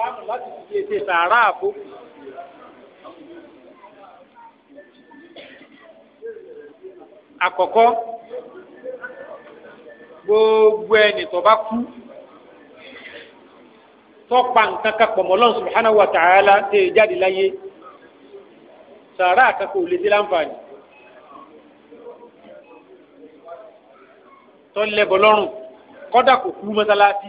ìsìláàmù láti fi ṣe sàárà àbókù. àkọ́kọ́ gbogbo ẹni tó bá kú tọ́pa nǹkan kan pọ̀ mọ́ Ọlọ́run subhanahu wa ta'ala tẹ̀ jáde láyé sàárà àkàkọ́ ò lè dé láǹfààní. tọ́lẹ̀ bọ̀ lọ́rùn kọ́dà kò kú mọ́sálásí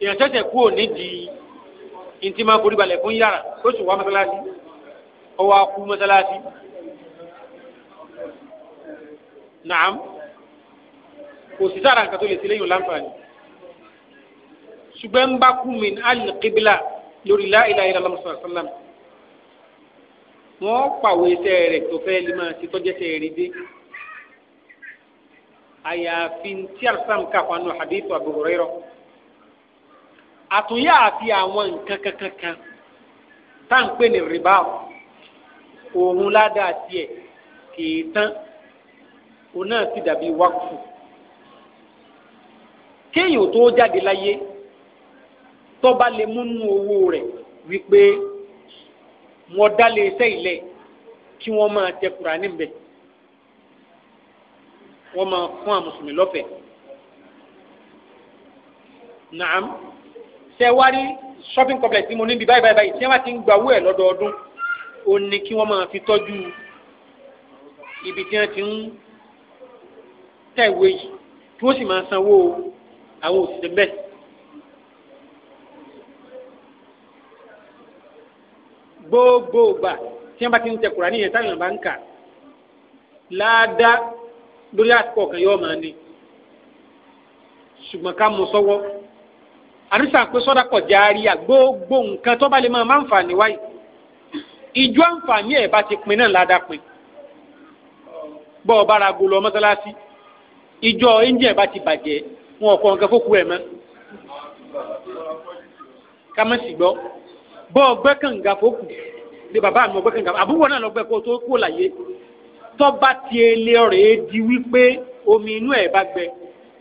èèyàn tẹ̀sẹ̀ kú òní di ntí máa forí balẹ̀ fún yàrá tó sì wá mọ́sálásí ọwọ́ akú mọ́sálásí. Nàám kò sí sára nǹkan tó lè ṣe lẹ́yìn láǹfààní. ṣùgbọ́n ń bá kú mi ní alìkíbílà lórí láìlà ìlànà mọ́sálásí sálám. wọ́n pàwọ́ iṣẹ́ rẹ̀ tó fẹ́ lè máa ṣe tọ́jẹ́sẹ̀ rí dé àyàfi tí alsam kà fanu hadith Abu Hurairah àtúnyà àti àwọn nǹkan kankan kan tá à ń pè ní rìbá òun ládàá tiẹ̀ kìí tán òun náà sì dàbí wákùfù kéèyàn tó jáde láyé tó bá lè múnú owó rẹ̀ wípé wọ́n dálé iṣẹ́ ilẹ̀ kí wọ́n máa tẹ Kùránì níbẹ̀ wọ́n máa fún àwọn mùsùlùmí Naam ṣe shopping complex tí mo níbi báyìí báyìí báyìí tí wọ́n bá ti ń gbawó ẹ̀ lọ́dọọdún ó ní kí wọ́n máa fi tọ́jú ibi tí wọ́n ti ń tẹ̀wé yìí tí wọ́n sì máa sanwó àwọn òṣìṣẹ́ bẹ́ẹ̀. gbogbo gbà tí wọ́n bá ti ń tẹ Kùránì yẹn táwọn bá ń kà láàdá lórí àsìkò ọ̀kan yóò máa ní ṣùgbọ́n ká mú sọ́wọ́. So àníṣà pé sọ́dà kọ̀ járíà gbogbo nǹkan tó bá lè máa máa ń fà níwáyé ìjọ àǹfààní ẹ̀ bá ti pin náà ládàá pin bọ́ ọ bára go lọ mọ́sálásí ìjọ ẹ̀ńjẹ̀ bá ti bàjẹ́ wọn ò kọ́ nǹkan fókù ẹ̀ mọ́ ká má sì gbọ́ bọ́ ọ gbẹ́ kànga fókù lè bàbá mi ọgbẹ́ kànga àbúrò náà lọ́gbẹ́ kó tó kó láyé tó bá ti lé ọ̀rẹ́ di wípé omi inú ẹ̀ bá gbẹ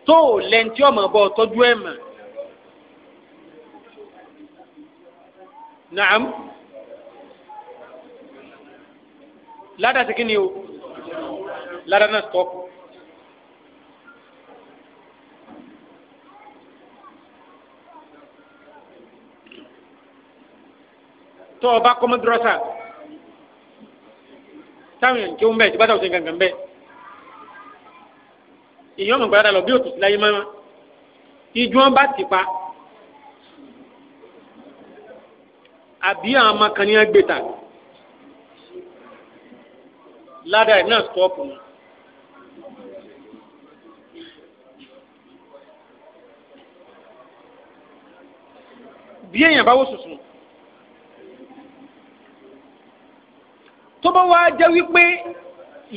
tó lẹ́ntí ọmọ bọ́ tọ́jú ẹ̀ mọ́ naam ládà sí kíni o ládà náà stop. tó o bá kọ́mọ́ dúrọ́sà táwọn èèyàn kí wọ́n bẹ̀ tí bá dà òsè gangan bẹ́ẹ̀ ìyọ́n mọ̀ gbàdá lọ bí òtútù láyé máa ń ijó ń bá ti pa. àbí àwọn amakànnì ẹgbẹ̀ta ládàá náà stọ́ọ̀pù ni. bí èèyàn bá wò sùsùn tó bá wá jẹ́ wípé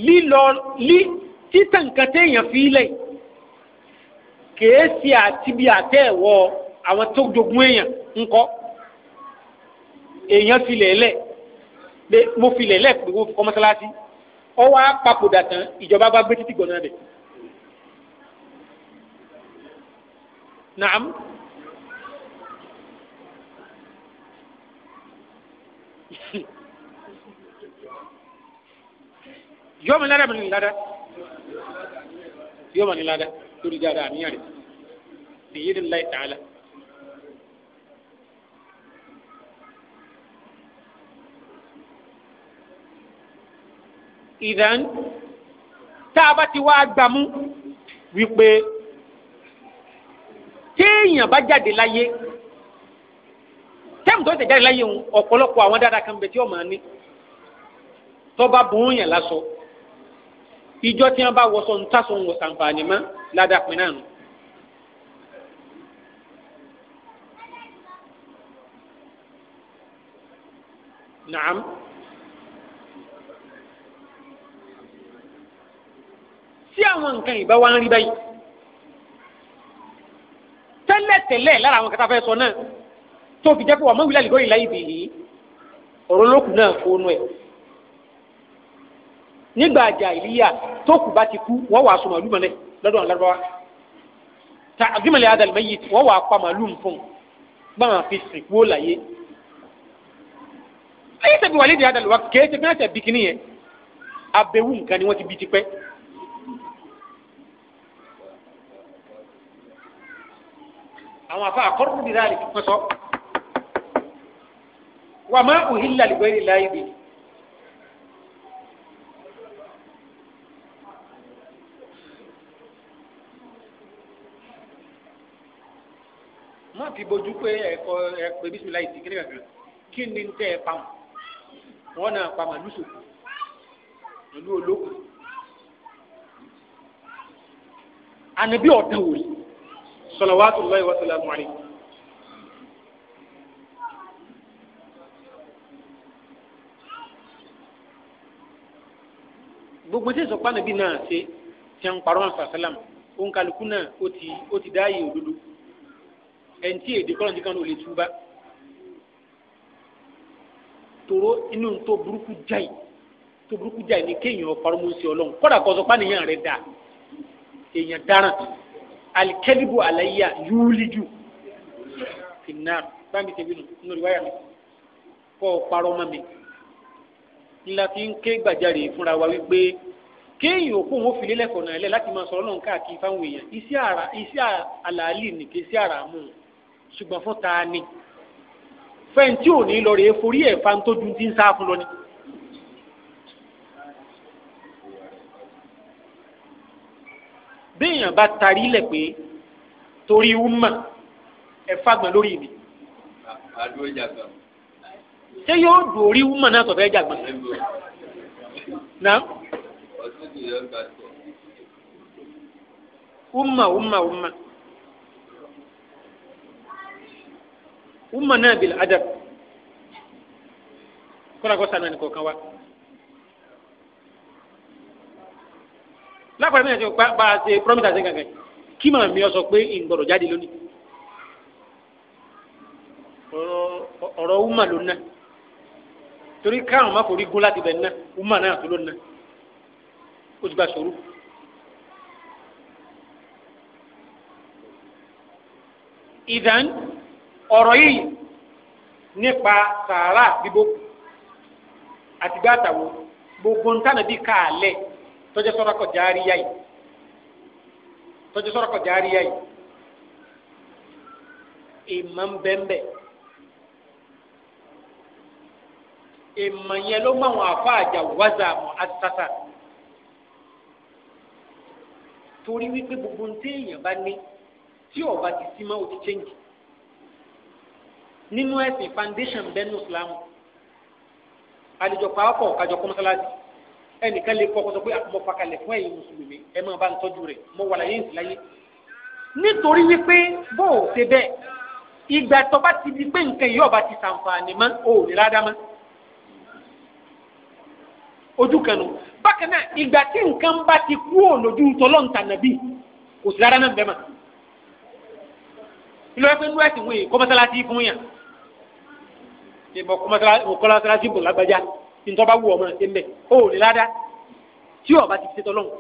lílọ lí títà nǹkan téèyàn fi lẹ̀ kèé sí àti bí àtẹ̀wọ̀ àwọn tó jogún èèyàn ńkọ́ èèyàn filẹ̀ lẹ̀ pé mo filẹ̀ lẹ̀ pé wọ́n fi kọ́ mọ́sálásí ọwọ́ apapòdà tán ìjọba bá gbé títí gbọ̀nà rẹ̀. naam yọmọ ní ládàá mi ní ládàá yọmọ ní ládàá lórí dáadáa àníyàn rẹ̀ èyí ni láì tààlà. ìdán tá a bá ti wá gbàmú wípé téèyàn bá jáde láyé tẹ́mù tó ń tẹ̀jáde láyé ń ọ̀pọ̀lọpọ̀ àwọn dáadáa kan bẹ̀ tí ọmọ ní tọ́ba bùn yàn lásọ ìjọ tí wọn bá wọṣọ ń tàṣọ ń wọ sàǹfààní mọ́ ládàá pin náà nù. Naam. tí àwọn nǹkan ìbá wa ń rí báyìí tẹ́lẹ̀tẹ́lẹ̀ lára àwọn kẹta fẹ́ sọ náà tó fi jẹ́ pé wà mọ́ wílẹ̀ lìgọ́ ìlà ìbì ọ̀rọ̀ lókùn náà fóònù ẹ̀ nígbà àjà ìlíyà tó kù bá ti kú wọ́n wàá sọ màlúù mọ́lẹ̀ lọ́dọ̀ àwọn lárúbáwá ta àgbìmọ̀lẹ̀ adàlùmọ́ yìí wọ́n wàá pa màlúù fún un gbọ́n fi sìnkú ó láyé ayé tẹ̀bi wàlídìí adàlùwà kéé tẹ̀bi náà tẹ̀ bikini yẹn abẹ́wù nǹkan ni wọ́n ti bí tipẹ́ àwọn afa akọrùkù di dáàlì kíkọ sọ wà má òhìlà lìgbẹ́rì láyé bi. má fi bojú pé ẹ̀kọ́ ẹ̀pẹ́ bísí láyé ti kíni kankan kí ni ń tẹ́ wọn náà pa màlúù sòkò pẹ̀lú olókùn ànábì salawatullahi wa salamu alayhi. gbogbo tí ìsọ̀pá nàbí náà ṣe ti ń parọ́ àṣà sálàm òun kálukú náà ó ti ó ti dáàyè òdodo ẹni tí èdè kọ́lọ́ọ̀dì kan ló lè túbá tòró inú tó burúkú jáì tó burúkú jáì ni kéèyàn ọ̀parọ́ mọ́ sí ọlọ́run kọ́dà kọ́ nìyẹn rẹ̀ dà èèyàn dáràn alikẹ́dìbò àlàyé yúlíjù finnar báńkì tẹ̀bí nù nínú ìwáyà mi kọ́ ọ parọ́ mọ́ mi ńlá fi ń ké gbàjarè fúnra wa wípé kéèyàn òkú òun fi lélẹ́kọ̀ọ́ náà lẹ̀ láti máa sọ̀rọ̀ náà káàkiri fáwọn èèyàn iṣẹ́ àlàálì ní kí iṣẹ́ àrà mú un ṣùgbọ́n fún ta ni fẹ́ǹtì ò ní lọ rèé forí ẹ̀ fa ń tójú ti ń sá fún lọ ni. béèyàn bá tarí lẹ̀ pé torí umma ẹ fagbọn lórí mi. ṣé yóò dòrí umma náà tọ̀fẹ́ jàgbọ́n. náà. umma umma umma. umma náà bil adab kọ́ra kọ́ sanu kọ̀ọ̀kan wa. lápẹ̀rẹ̀ mi náà ti bá a ṣe promise àti kankan kí màá mi ọ sọ pé ìgbọ̀rọ̀ jáde lónìí ọ̀rọ̀ wúmà ló ná torí káwọn má forí gún láti bẹ̀ ná wúmà náà tó ló ná ó ti gba sòrò. ìdán ọ̀rọ̀ yìí nípa sàárà bíbó àtìgbà àtàwọn gbogbo ntànàbí kàálẹ̀ tó jẹ́ sọ́dọ̀kọ̀ járíyá yìí tó jẹ́ sọ́dọ̀kọ̀ járíyá yìí ìmọ̀ ń bẹ́ńbẹ́ ìmọ̀ yẹn ló máa wọn àfa àjà wáza mọ́ àtàtà torí wípé gbogbo ń téèyàn bá ní tí ọba ti sí máa ó ti chẹ́ǹgì nínú ẹ̀sìn foundation bẹ́ẹ̀ ní Islam àlejò pàápọ̀ kájọ kọ́ ẹnìkan lè kọ́ kọ́sọ́ pé ah, mo fakalẹ̀ fún ẹ̀yin mùsùlùmí ẹ máa bá ń tọ́jú rẹ̀ mo wà láyé ìsìn láyé. nítorí wípé bó o ṣe bẹ́ẹ̀ ìgbà tó bá ti di pé nǹkan yìí ọba ti sàǹfààní mọ́ o ò ní ládàá mọ́. ojú kanu bákan náà ìgbà tí nǹkan bá ti kú ò lójú tọ́lọ́ǹtà nàbí kò sí ládàá náà bẹ́ẹ̀ mọ́. ilé wẹ́pẹ́ nú ẹ̀sìn wọ̀nyí kọ́mọ́sálásí fún yàn. ìbọn kọ́mọ́sálásí ntọ́ba wù ọmọ ẹ̀ mbẹ́ ó lè ládá tí ọba ti fi tọ́lọ́hùn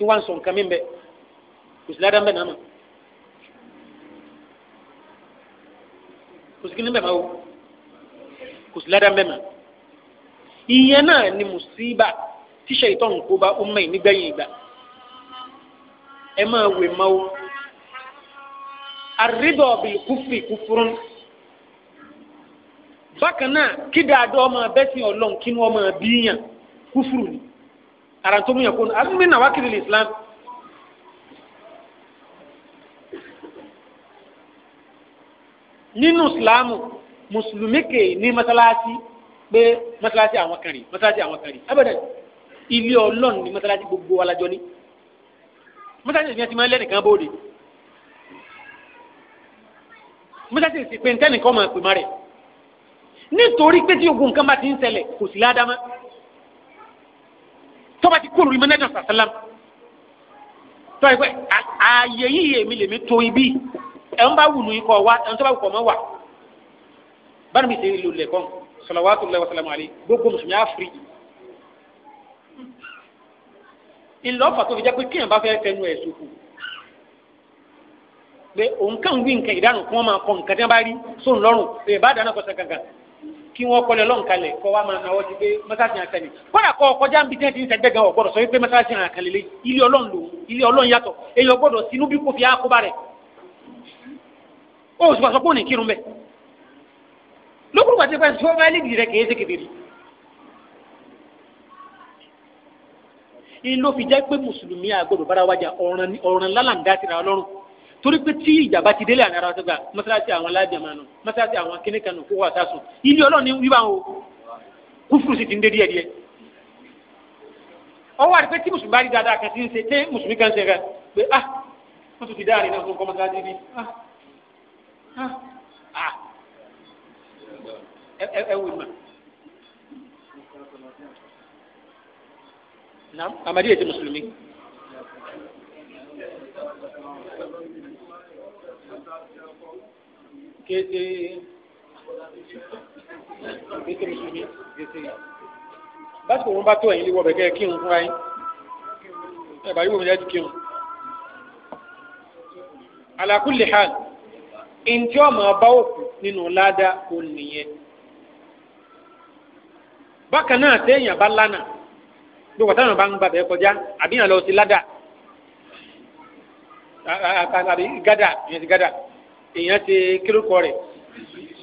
tí wọ́n sọ nǹkan mi bẹ kò sí ládàá bẹ nàá ma ni bẹ ma o kò sí bẹ ma ìyẹn náà ni mùsíbà tíṣe ìtọ́nù kó bá ó mẹ́yìn nígbẹ̀yìn ìgbà ẹ máa wè ma o àrídọ̀ bíi kúfì kúfurún bákan náà kí dáadọ́ ọmọ abẹ́sìn ọlọ́run kí ni wọ́n máa bí yàn kúfùrù ni ara tó mú yẹn kó nu islam. nínú islamu mùsùlùmí kè ní mọ́sálásí pé mọ́sálásí àwọn kan rí mọ́sálásí àwọn kan rí abẹ́rẹ́ ni ọlọ́run ní mọ́sálásí gbogbo wa lájọ ní mọ́sálásí ìfihàn ti máa ń lẹ́nìkan bóde mọ́sálásí ìsìnkú ntẹ́nìkan máa pè má rẹ̀ nítorí pé ogun nǹkan bá ti ń ṣẹlẹ̀ kò sí ládàá tọ́ba ti kúrò ìmọ̀ nẹ́jọ́ sàṣẹ́lá tọ́ ẹ pé ààyè yìí èmi lèmi tó ibí ẹ̀ ń bá wùlù ikọ̀ wa ẹ̀ ń tọ́ba ikọ̀ mọ́ wà bára mi sèé lò lẹ́kọ̀ọ́ sọlọ́wọ́tò lẹ́wọ́ sọlọ́mọ́ àlẹ́ gbogbo mùsùlùmí á firi ìlú ọ̀fà tó fi jẹ́ pé kíyàn bá fẹ́ fẹnu ẹ̀ sókù pé òun kàn wí nǹkan ìdáhùn kí wọ́n máa kọ nǹkan tí wọ́n bá rí sóun lọ́rùn pé ìbá dáná kí wọ́n kọ́lé ọlọ́run kalẹ̀ kọ́ wa máa náwó ti pé mọ́sáàsì yàn kan ni kọ́dà kọ́ kọjá níbi tí wọ́n ti ń sẹ́gbẹ́ gan ọ̀gbọ́dọ̀ sọ wípé mọ́sáàsì yàn kan lélẹ̀ ilé ọlọ́run lò ilé ọlọ́run yàtọ̀ èyí ọgbọ́dọ̀ sínú bí kò fi àkóbá rẹ̀ ó sì pàṣọ pé òní kírun bẹ̀ lókùrùgbà tí wọ́n fẹ́ fẹ́ lédi rẹ̀ kìí ṣe kedere ìlò fi jẹ́ pé mùsùlùmí àgbọ́dọ̀ bára wájà ọ̀ràn lálàǹdà tìrà ọlọ́run torí pé tí ìjàmbá ti délé ànára tó gbà mọ́sálásí àwọn alájàmánu mọ́sálásí àwọn kíníkanu kó wà sásùn ilé ọlọ́run ní wíwá o kúfùrù sì ti ń dé díẹ̀ díẹ̀. ọwọ́ àti pé tí mùsùlùmí bá rí dáadáa kan ti ń ṣe pé mùsùlùmí kan ṣe rẹ pé ah wọ́n tún ti dáa rìn náà fún kọ́mọ́sálásí bí ah ah, ah. ẹ ẹ wò ó mà. Amadi yẹ ti mùsùlùmí kéde kéde mùsùlùmí kéde báṣọ òun bá tó ẹ̀yìn lé wọbẹ kẹ kírun fúnra yín ẹ bá yíwò mi láti kírun ala kulli hal ntí ọmọ ọba òkú nínú ládà òun nìyẹn bákan náà téèyàn bá lánàá bí wọ́n bá ń gbàgbé kọjá àbíyàn lọ sí ládà àbí gada ìyẹn ti gada ìyẹn ti kílókọ rẹ̀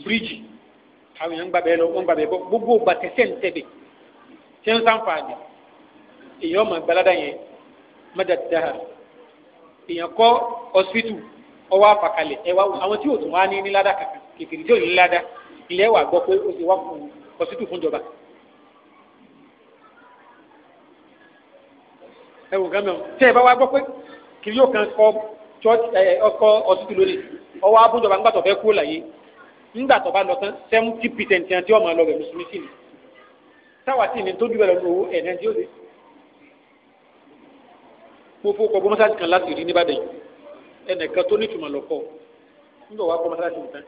bíríìjì àwọn èèyàn ń gbàbẹ́ lọ wọ́n ń gbàbẹ́ bọ́ gbogbo ògbà tẹ̀sẹ̀ ń tẹ̀lé tí ń sànfààní èèyàn ọmọ ìgbàládà yẹn mẹ́ta ti dáhà èèyàn kọ́ ọsibítù ọwọ́ àfàkalẹ̀ ẹ̀wà àwọn tí òtún wá ní níládà kàkà kìkìrì tí ò ní níládà ilẹ̀ wà gbọ́ pé ó ti wá fún ọsibítù fún ìjọba. ẹ wò gán mẹ́wọ̀n tẹ́ ẹ bá wá gbọ́ pé kiri yóò kan kọ church ẹ ọkọ hospital lónìí ọwọ́ abújọba ńgbà tó fẹ́ kú láyé ńgbà tó bá lọ tán seventy percent yẹn ọmọ lọ rẹ̀ mùsùlùmí sí ni táwa sì ní tó dúró lọ́dún owó ẹ̀ nàìjíríà òde mo fowó kọ bọ́mọ́sáàsì kan láti rí níbàdàn yìí ẹnìkan tó ní ìtumọ̀ lọ́kọ́ ńgbà wà bọ́mọ́sáàsì nìkan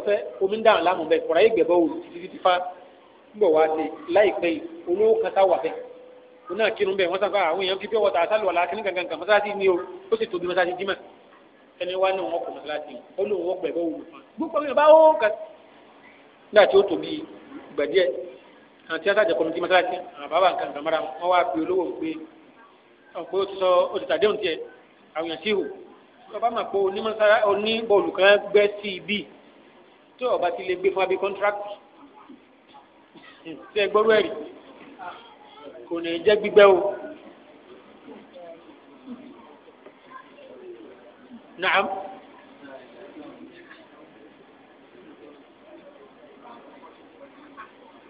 ọfẹ omi ń dáhùn láàmú bẹ́ẹ̀ kọ̀ọ̀rọ̀ ayé gbẹ̀bọ̀ wò títí fa ńgbà wà ti láìpẹ́ yìí olówó kan táwa bẹ́ẹ̀ wọn náà kírun bẹ́ẹ̀ wọ́n sàn fún ah, àwọn èèyàn fi pure water asálù ọ̀la kíní gangan kan mọ́sálásí ni o ó sì tóbi mọ́sálásí dímọ̀ ẹni wá náà wọ́n kọ̀ mọ́sálásí ó lóun wọ́n pẹ̀ bọ́ wù fún un gbogbo mi bá ó kà nígbà tí ó tóbi ìgbà díẹ̀ àti àtàjẹ kọ́mìtì mọ́sálásí àbábà nǹkan kan mọ́ra wọn wá pe olówó pé ọ̀pẹ ó ti sọ ó ti tàdéhùn tiẹ̀ àwọn sí ìhù ọba mà pé oní kò ní jẹ́ gbígbẹ́ o. Naam.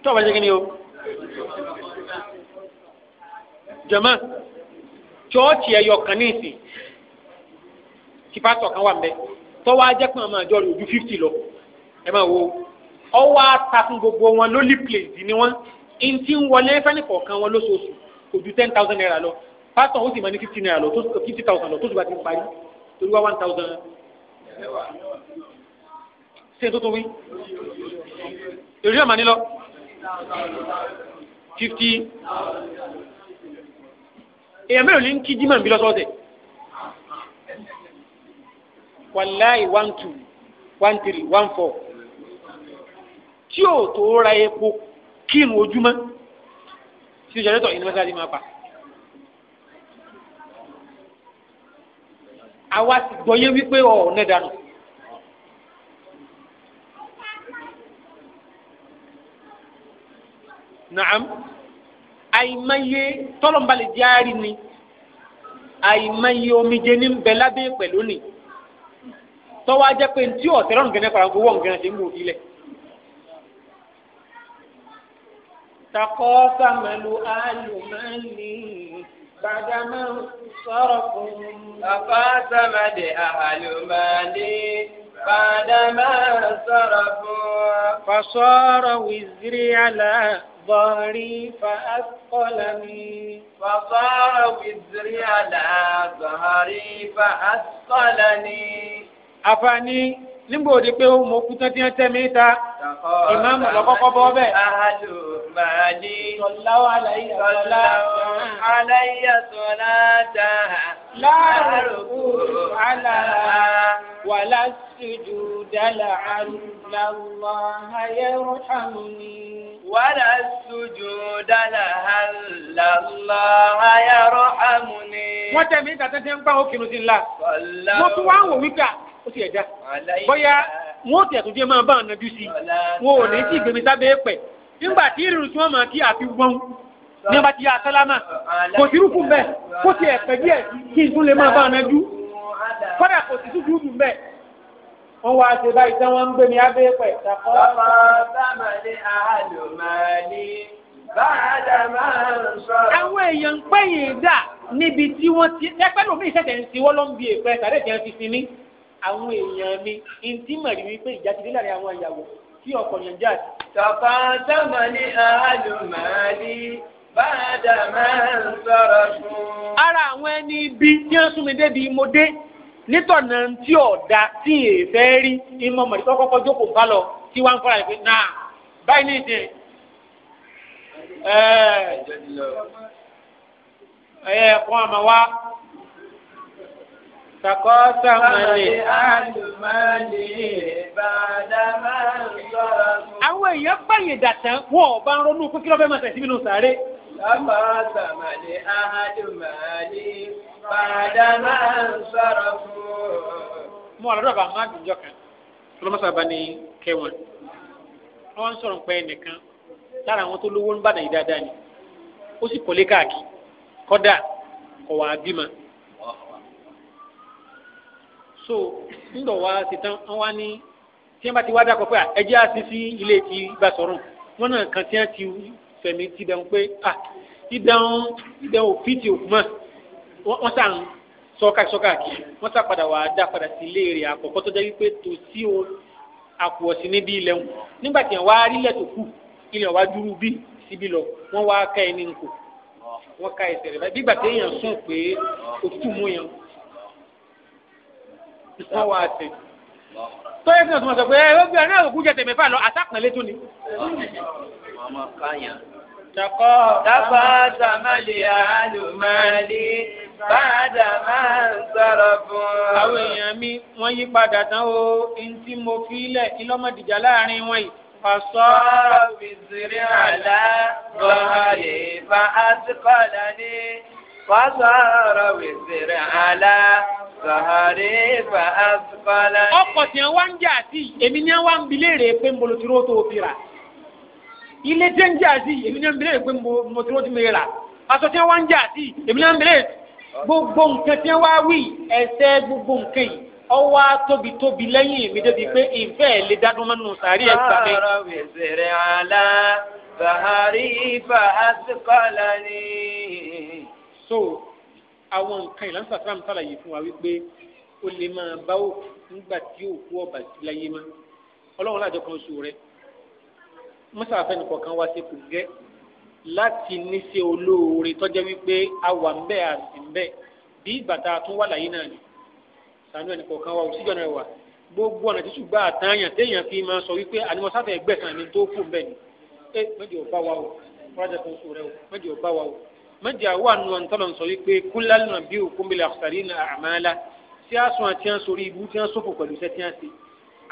tọ́ba jẹ́ kí ni o jọ̀mọ́ chọ́ọ̀chì ẹ̀yọ kan ní ìsìn tí pásítọ̀ kan wà mbẹ́ tọ́wọ́ ajẹ́ pé àwọn àjọ rẹ̀ ojú fífítì lọ ẹ máa wo ọwọ́ ata fún gbogbo wọn lólì plèsì ni wọ́n ntí ń wọlé fẹ́ni kọ̀ọ̀kan wọn lóṣooṣù kò ju ten thousand naira lọ pásítọ̀ ó sì máa ní fifty naira lọ fifty thousand lọ tó sì bá ti ń parí torí wá one thousand ṣé tó tó wí èrè àmà nílọ fifty èèyàn mélòó ní kí jimá ń bí lọ́sọ̀ọ̀sẹ̀ wàláì one two one three one four tí ò tó ra epo kírun ojúmọ́ tí o jẹ́rẹ́tọ̀ yunifásitì máa pa. àwa ti gbọ́ yé wípé ọ̀ọ́nẹ́ dànù. naam àìmọye tọ́lọ̀mbalẹ̀ jáàrí ni àìmọye omijé ní bẹ lábẹ́ pẹ̀lú ni tọ́wọ́ ajẹ́ pé ntí ọ̀tẹ́rọ̀ nǹkan náà kọ́ra gbowó nǹkan ṣe ń gbòó ilẹ̀. تقاسم لؤل مالي بعدما صرفوا تقاسم لأهل مالي بعدما صرفوا فصار وزري على ظهري فأثقلني فصار وزري على ظهري فأثقلني أفني nígbà òde pé ó mọ okú tán tí wọ́n tẹ́ mi ta ìmáàmù lọ́kọ́kọ́ bọ́ bẹ́ẹ̀. ahadu mahadi sọláwó aláyé sọlá aláyé sọlá ta láàrúkú àlà wàlá sùdù dàlà àlùláwà ayẹrù hàmùní. wàlá sùdù dàlà àlùláwà ayẹrù hàmùní. wọ́n tẹ̀ mí ìtàtẹ́tẹ́ ń gbà ó kìnnìún sí mo tún wá ń wò wípé ah, ó ti ẹ̀ já bóyá wọn ò tẹ̀ tó jẹ́ máa bá ọ̀nà jù sí wọn ò ní tí ìgbèmí sábẹ́ pẹ̀ nígbà tí ìrìn tí wọ́n máa kí àfi wọ́n ní ọba ti yà sálámà kò sí rúkú mbẹ kó tiẹ̀ pẹ̀ díẹ̀ kí n tún lè máa bá ọ̀nà jù kódà kò sí tútù dùn mbẹ wọ́n wá ṣe báyìí tí wọ́n ń gbé ní abẹ́ pẹ̀. ọmọ sábà ní àlùmọ́ọ́lì bàdà máa àwọn èèyàn pẹ́yìn dà níbi tí wọ́n ti ẹgbẹ́ lómi ìṣẹ̀tẹ̀ ń ti wọ́n ló ń bi èèpẹ̀ tàbí ìṣẹ̀tẹ̀ ń àwọn èèyàn mi ntí mà rí wípé ìjà láàrin àwọn ìyàwó tí ọkọ yẹn jà. ní bàdà máa ń sọrọ fún. ara àwọn ẹni ibi tí wọ́n sún mi débi mo dé nítọ̀nà tí ọ̀dà tí rí kọ́kọ́ bá tí wọ́n ń fọ́ra Sàkọ́sà mọ̀lẹ̀. Àwọn èèyàn pààyàn dàtàn wọn ò bá ń ronú pé kí ló fẹ́ máa tẹ̀sí nínú sàárè. Sàkọ́sà mọ̀lẹ̀ àádùmọ̀lẹ̀ bàdà máa ń sọ̀rọ̀ fún un. Mo wà lọ́dọ̀ bàbá àdùjọ kan, ọlọ́mọsà bá ní kẹwọn. Wọ́n ń sọ̀rọ̀ pé ẹnìkan lára àwọn tó lówó ń bàdàn yìí dáadáa ni. Ó sì kọ́lé káàkiri, kọ́dà, kọ̀wá bímọ so ńdọ̀ wá ti tán wọ́n wá ní tí wọ́n bá ti wá dákọ̀ pé ẹjẹ́ àti sí ilé ti bá sọ̀rọ̀ wọn náà kàn tí wọ́n ti fẹ̀mí ti dẹ̀hún pé à ìdẹ̀hún ìdẹ̀hún òfin ti òkú mọ́ wọ́n sàn sọ́ka sọ́ka kì wọ́n sà padà wà á dá padà sí ilé rẹ̀ àkọ́kọ́ tó jẹ́ wípé tò sí o àpò ọ̀sìn níbi ilẹ̀ wọn nígbà tí wọ́n wá rí ilẹ̀ tó kù ilẹ̀ wá dúró bí síbi lọ wọ́n wá ká ẹni nkò wọ́n ká ẹsẹ̀ rẹ̀ báyìí bí gbàtẹ́ èèyàn sùn pé òtútù mú yẹn wọ́n wá sí tó yẹ kí wọ́n sọ pé ẹ ó gbé ọ òkú jẹ tèmi fà lọ àtàkùnlé tó ni. Dàbà sàmàlì àlùmọ́lì bàdà máa ń sọ̀rọ̀ fún ọ. Àwọn èèyàn mi wọ́n yí padà tán o, ntí mo fi ilẹ̀ ilọ́mọdìjà láàrin wọn yìí. فصار بالزر على ظهري فأثقلني فصار بالزر على Sàhárí fa asfala. Ọkọ̀ tí wọ́n ń jà sí, èmi ni wọ́n ń bi léèrè pé mo lo tìró tó fi rà. Ilé tí ń jà sí, èmi ni wọ́n ń bi léèrè pé mo tó fi Aṣọ tí wọ́n ń jà sí, èmi ni wọ́n ń bi Gbogbo nǹkan tí wọ́n wí ẹsẹ̀ gbogbo nǹkan yìí. Ọwọ́ tóbi tóbi lẹ́yìn mi débi pé ìfẹ́ lè dádún mọ́nú sàárì ẹ̀ gbà mí. Ọ̀rọ̀ fa asfala ni. So àwọn nǹkan ìlànà sàtàràm sàlàyé fún wa wípé ó lè máa bá òkú nígbà tí òkú ọba sí láyé má ọlọ́run láàjọ kan oṣù rẹ mọ́sàáfẹ́ nìkan kan wá sí kò gẹ́ láti níṣe olóore tọ́jẹ́ wípé àwa ń bẹ́ àti ń bẹ́ bí bàtà tún wà láyé náà ni sànú ẹnìkan kan wá òsíjọ́ náà wà gbogbo ọ̀nà tí ṣùgbọ́n àtàyàn téèyàn fi máa sọ wípé ànímọ́sáfẹ́ ẹgbẹ̀sán ni tó fò bẹ́ẹ̀ ni ẹ mẹ́jọ bá wa o rọ́jà kan oṣù rẹ o mẹ́jọ bá wa o mẹjẹ àwọn àna ntọ́nà sọ wípé kúlálì náà bí òkú mi lè àkùsàrí ní àmàlà tí a sùn àti àsórí ibú tí a sọ̀fọ̀ pẹ̀lú iṣẹ́ tí a ṣe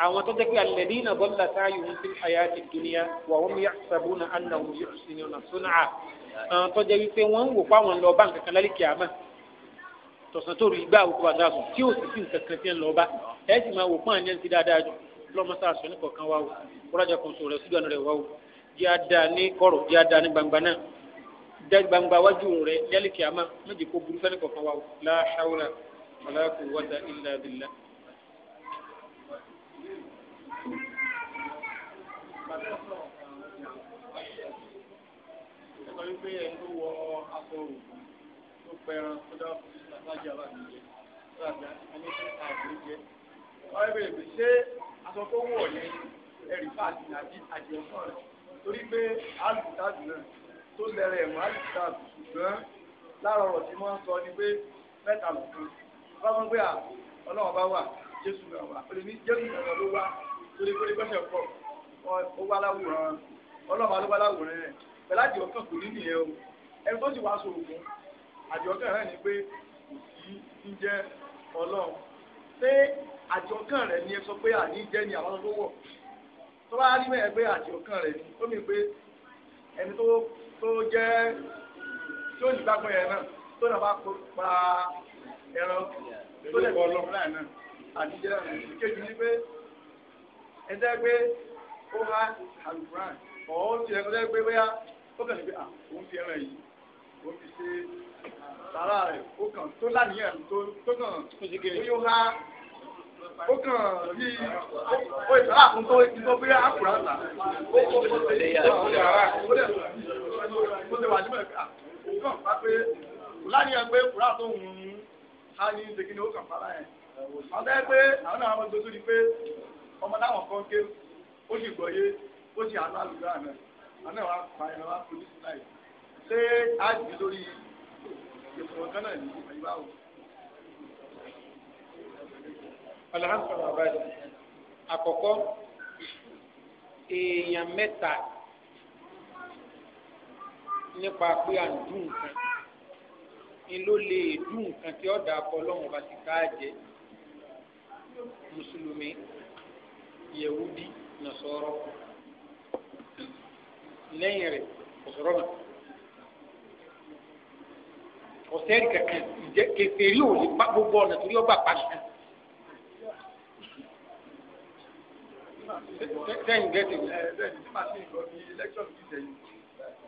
àwọn tó jẹ́ pé alẹ́dí náà bọ́lá sáyò ń fi àyà ti dúníyà wà wọ́n mi yàtúnṣàbù náà àna òun yóò sì ní ọ̀nà sọ́nà à àwọn tó jẹ́ wípé wọ́n ń wò pa àwọn lọ bá kan lálẹ́ kìámà tọ̀sán tó rí igbá òkú àgbà sùn tí ó sì sí nǹkan kan tí ń lọ bá ẹ sì máa wò fún àyẹ̀ ti dáadáa jù lọ́mọ́sá aṣọ ní kọ̀ọ̀kan wá o kọ́lájà kan sọ̀rọ̀ ẹ̀ sígbà rẹ̀ wá o jẹ́ àdá ní kọ̀rọ̀ jẹ́ àdá ní gbangba náà jẹ́ gbangba wájú rẹ lẹ́lí kìámà méjì kó burú fẹ́ni kọ̀ọ̀kan wa la hawla wala quwwata illa billah. sọ wípé ẹ ṣé aṣọ tó wọ̀ yẹn ẹ̀rí fáàtì àti àjẹsán rẹ̀ torí pé àlùkò táàbù náà tó lẹ́rẹ̀ ẹ̀mọ́ àdìsá ṣùgbọ́n lára ọ̀rọ̀ tí wọ́n ń sọ ni pé mẹ́ta lọ́kan wọ́n mọ̀ pé ọlọ́run bá wà jésù náà wà pé ní jésù náà ló wá torí pé pẹ́sẹ̀ pọ̀ ó wá láwùrán ọlọ́run bá ló wá láwùrán rẹ̀ pẹ̀lú àjọ kan kò ní nìyẹn o ẹni tó sì wá sọ òògùn àjọ kan rẹ̀ ni pé kò sí ń jẹ́ ọlọ́run pé àjọ kan rẹ̀ ni ẹ sọ pé àní jẹ́ ni àwọn tó wọ̀ tó bá rí mẹ́ẹ̀ẹ́ pé àjọ kan rẹ̀ ni ó mì pé ẹni tó tó jẹ́ tí ó nígbà pé ẹran tó náà bá kó pa ẹran tó lè bọ́ ọlọ́run láì náà àti jẹ́ ìkejì ní pé ẹ̀dẹ́ pé ó há àlùkùrán ọ̀ ó ti ẹ̀kọ́ dẹ́ pé bóyá ó kàn ní pé àwọn fi ẹran yìí ó fi ṣe sàrà rẹ̀ ó kàn tó láníyàn tó kàn ó yóò há ó kàn bí ó ìtàlá fún tó ìtọ́ bí àkùrà ta ó kó kó tẹ̀lé yàrá ó lè wà níbẹ̀ ká ó kàn bá pé láti yàn pé kùrà tó ń ha ní ìdèkínní ó kàn fara yẹn wọ́n fẹ́ pé àwọn àwọn ọmọ tuntun ni pé ọmọ táwọn kan ké ó sì gbọ́ yé ó sì àná àlùdá àná àná wa pa ẹ̀ wá polisi láì ṣé àjùmí lórí ìfowópamọ́ náà ní ìbáwò alhamdulilayi abadi àkọ́kọ́ èèyàn mẹ́ta nípa pé à ń dùn nǹkan ni ló lè dùn nǹkan tí ọ̀dà akọlọ́hún bá ti ká jẹ mùsùlùmí yẹwudi nasọrọ lẹ́yìn rẹ̀ ọsọrọ ma ọsẹ kankan ìjẹ kẹfẹẹri ò lè pa gbogbo ọ̀nà torí ọgbà pàṣẹ. ten get it. ẹ bẹ́ẹ̀ ni màá ṣe nǹkan bíi election bíi ìdẹ̀yìn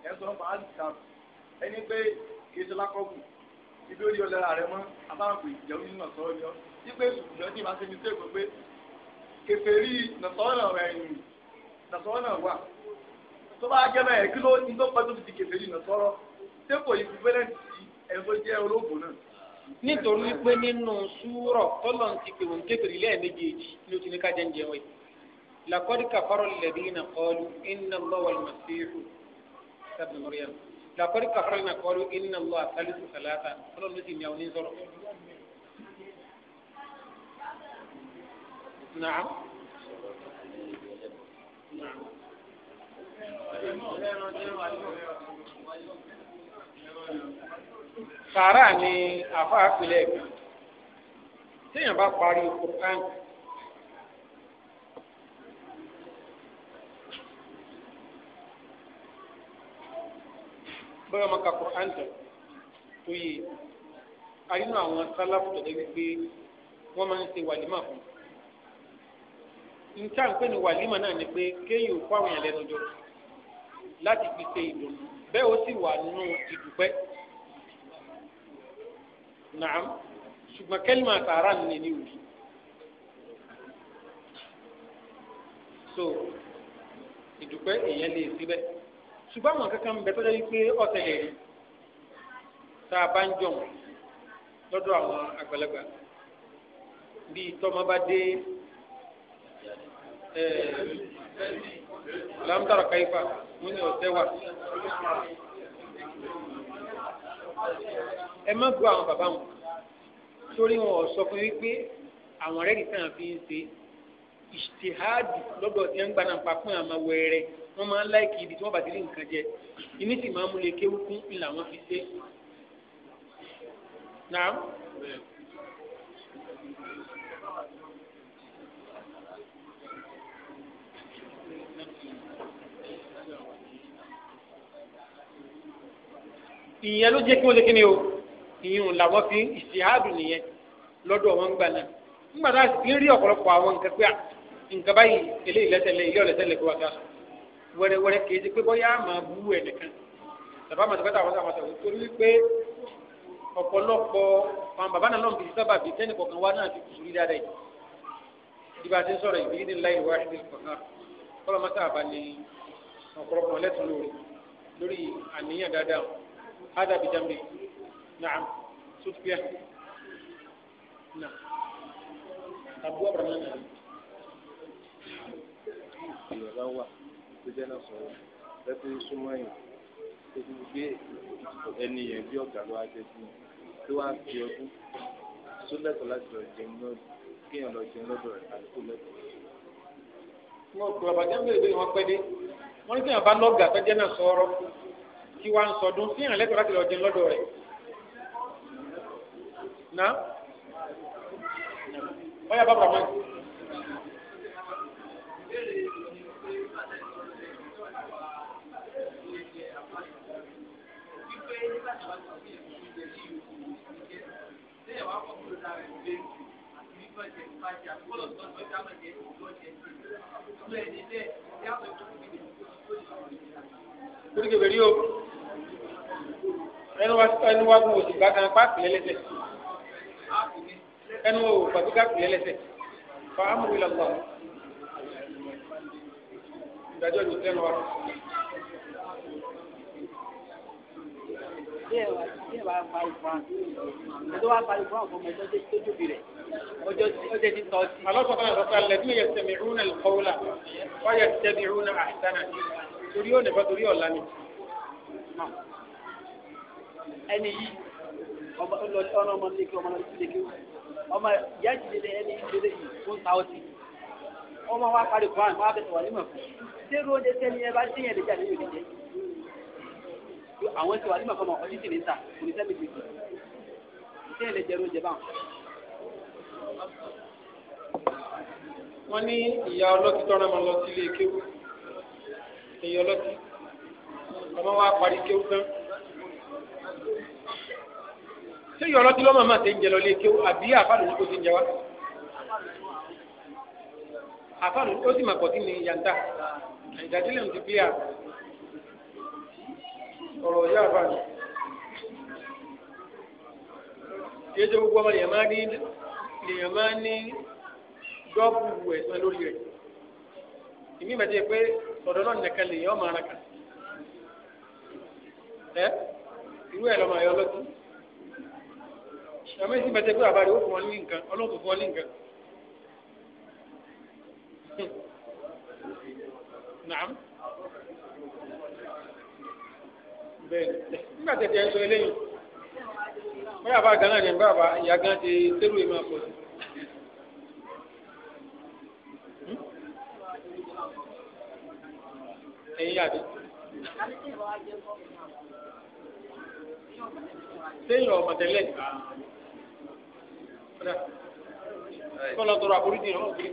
ẹ sọ fún andy sam ẹni pé kì í ṣe lákọ́kù ibi ó di ọlẹ́ra rẹ mọ́ abáǹkù ìjẹun nínú ọ̀sọ́rọ́ ni ọ́ sí pé ṣùgbọ́n tí màá ṣe mi ṣe pé pé kèfèrí nàṣọ́nà ẹ̀yìn nàṣọ́nà wà tó bá jẹ́ bẹ́ẹ̀ kí ló ní tó pẹ́ tó fi di kèfèrí nàṣọ́rọ́ ṣé kò yí fúnpẹ́lẹ́ ti ẹ̀ tó jẹ́ olóògùn náà nítorí pé nínú súrọ̀ tọ́lọ̀ ti pè wọ́n kékeré lẹ́ẹ̀mejì ló لقد كفر الذين قالوا إن الله المسيح ابن مريم لقد كفر الذين قالوا إن الله ثالث ثلاثة قالوا نسيم يونين زرق نعم نعم sàárà ni àfa àpilẹ̀ kan téèyàn bá parí kókán bóyá ọmọ kakọ àǹtà tó yẹ àrínú àwọn sálàfù tọ̀dẹ̀ wípé wọ́n máa ń ṣe wàlímà fún un nta ń pè ní wàlímà náà ni pé kéèyàn kó àwọn yẹn lẹ́nu jọ láti fi ṣe ìdùnnú bẹ́ẹ̀ ó sì wà nínú ìdúpẹ́ nàám ṣùgbọ́n kẹ́lìmà tààrà ni ní òbí so ìdúpẹ́ èèyàn lè síbẹ̀ ṣùgbọ́n àwọn kankan bẹ tó dẹ́yìn pé ọ̀tẹ̀lẹ̀ rí tá a bá ń jọ̀ lọ́dọ̀ àwọn àgbàlagbà bíi tọ́mọ bá dé làmúdàrọ̀ káyífà wọ́n ní ọ̀tẹ̀ wà. ẹ má gbọ́ àwọn bàbá wọn torí wọn ò sọ fún wípé àwọn rẹ́ẹ̀dì tí wọ́n fi ń ṣe ìṣtìhádì lọ́dọ̀ tí wọ́n ń gbaná papọ̀ àmọ́ wẹ́rẹ́ wọ́n máa ń láìkì ibi tí wọ́n bá ti rí nǹkan jẹ ìmí sì máa ń múlẹ̀ kéwú kún ìlà wọn fi ṣe. Nàám. ìyẹn ló jẹ́ kí wọ́n lè kí ni o ìyẹn làwọn fi ìṣèhádùn nìyẹn lọ́dọ̀ wọn gbà náà nígbà tá a sì rí ọ̀pọ̀lọpọ̀ àwọn nǹkan pé nǹkan báyìí eléyìí lẹ́sẹ̀ lé ilé ọ̀lẹ́sẹ̀ lè wa ká sùn wẹ́rẹ́wẹ́rẹ́ kì í ṣe pé bóyá àmọ́ bú ẹnìkan bàbá àmọ́ sọ̀kẹ́tà àwọn àmọ́ sọ̀kẹ́tà torí pé ọ̀pọ̀lọpọ̀ àwọn bàbá náà lọ́n fi sábà bíi tẹ́nì kọ̀ọ̀kan wá náà ti kùsù rí dáadáa yìí ìdíbà ti sọ̀rọ̀ ìbílí ní láì wá ìdílé kọ̀ọ̀kan kọ́lọ́ mọ́tà àbá ni ọ̀pọ̀lọpọ̀ lẹ́tùn lórí lórí àníyàn dáadáa ádàbí jambi naam sotipia naam abu abrahamu naam tó jẹ́ náà sọ̀rọ̀ lẹ́tọ́ súnmọ́ yìí tó fi gbé ẹni yẹn bí ọ̀gá ló wá jẹ́ sí i tó wá fi ọdún tó lẹ́tọ̀ọ́ láti lọ jẹun lọ́dọ̀ kéèyàn lọ jẹun lọ́dọ̀ rẹ̀ àti tó lẹ́tọ̀ọ́. wọn kò bàbá jẹ́ bèrè wọn pẹ́ dé wọ́n ní kéèyàn bá lọ́gà tó jẹ́ náà sọ̀rọ̀ kí wá ń sọdún kéèyàn lẹ́tọ̀ọ́ láti lọ jẹun lọ́dọ̀ rẹ̀. ná wọ́n yà bá bàbá mọ́ lórí kẹfẹ́rí o ẹnu wa ẹnu wa kún òsì gbàgán páàkì lẹ́lẹ́sẹ̀ ẹnu o pàtó káàkì lẹ́lẹ́sẹ̀ fa amúlẹ̀ lọ́wọ́ ìdájọ́ ìlú tẹ́nu wa. bí ẹ wá bí ẹ wá parí france ẹjọ́ wá parí france fún mi ẹjọ́ tó tóbi rẹ̀ ọjọ́ ọjọ́ ti tọ́ sí. alọ́sọ̀ kan àtọ́sọ alẹ́bí yẹ tẹ̀mí rúnà kọ́wúlà wọ́n yẹ tẹ̀mí ni. ẹni yìí ọmọ ọlọ́ọ̀nà ọmọ ní kí ọmọ ti lékè ọmọ ìyá ti lé ẹni yìí àwọn ẹsẹ̀ wà nígbà kan mọ̀ ọdún sì ní ta kò ní sẹ́mi gbèsè ìṣe ìlẹ̀ jẹ́rú jẹ báwọn. wọ́n ní ìyá ọlọ́tí tọ́ra máa lọ sí ilé kéwú ìyá ọlọ́tí ọmọ wa parí kéwú tán ṣé ìyá ọlọ́tí lọ́mọ máa ti ń jẹ lọ ilé kéwú àbí àfàlù ní kò ti ń jẹ wá àfàlù ó sì máa pọ̀ sí ní yàtà ìdájọ́ lẹ́nu ti pílíà ọ̀rọ̀ yá àbá mi. Ètò gbogbo ọmọ lèèyàn máa ní lèèyàn máa ní dọ́ọ̀bù ẹ̀sán lórí rẹ̀. Ìmí ìbàjẹ́ jẹ́ pé ọ̀dọ́ náà nìkan lèèyàn máa ra kà. Ẹ irú ẹ̀ lọ́mọ ayọ́ lọ́tún. Ìyàmẹ́sì ìbàjẹ́ pé àbárí ó fún ọ ní nǹkan, ọlọ́run fún ọ ní nǹkan. bẹ́ẹ̀ nígbà tẹ̀tẹ̀ ẹ̀ ń sọ eléyìí bóyá àbá gánà ni bàbá ìyá gán ti tẹ́lú ìmọ̀ àpò sí. Hmm? ẹ̀yin yàtí. sẹ́yìn ọmọ tẹ́lẹ̀ kọlọ tọrọ àforíjì yẹn wọn kiri.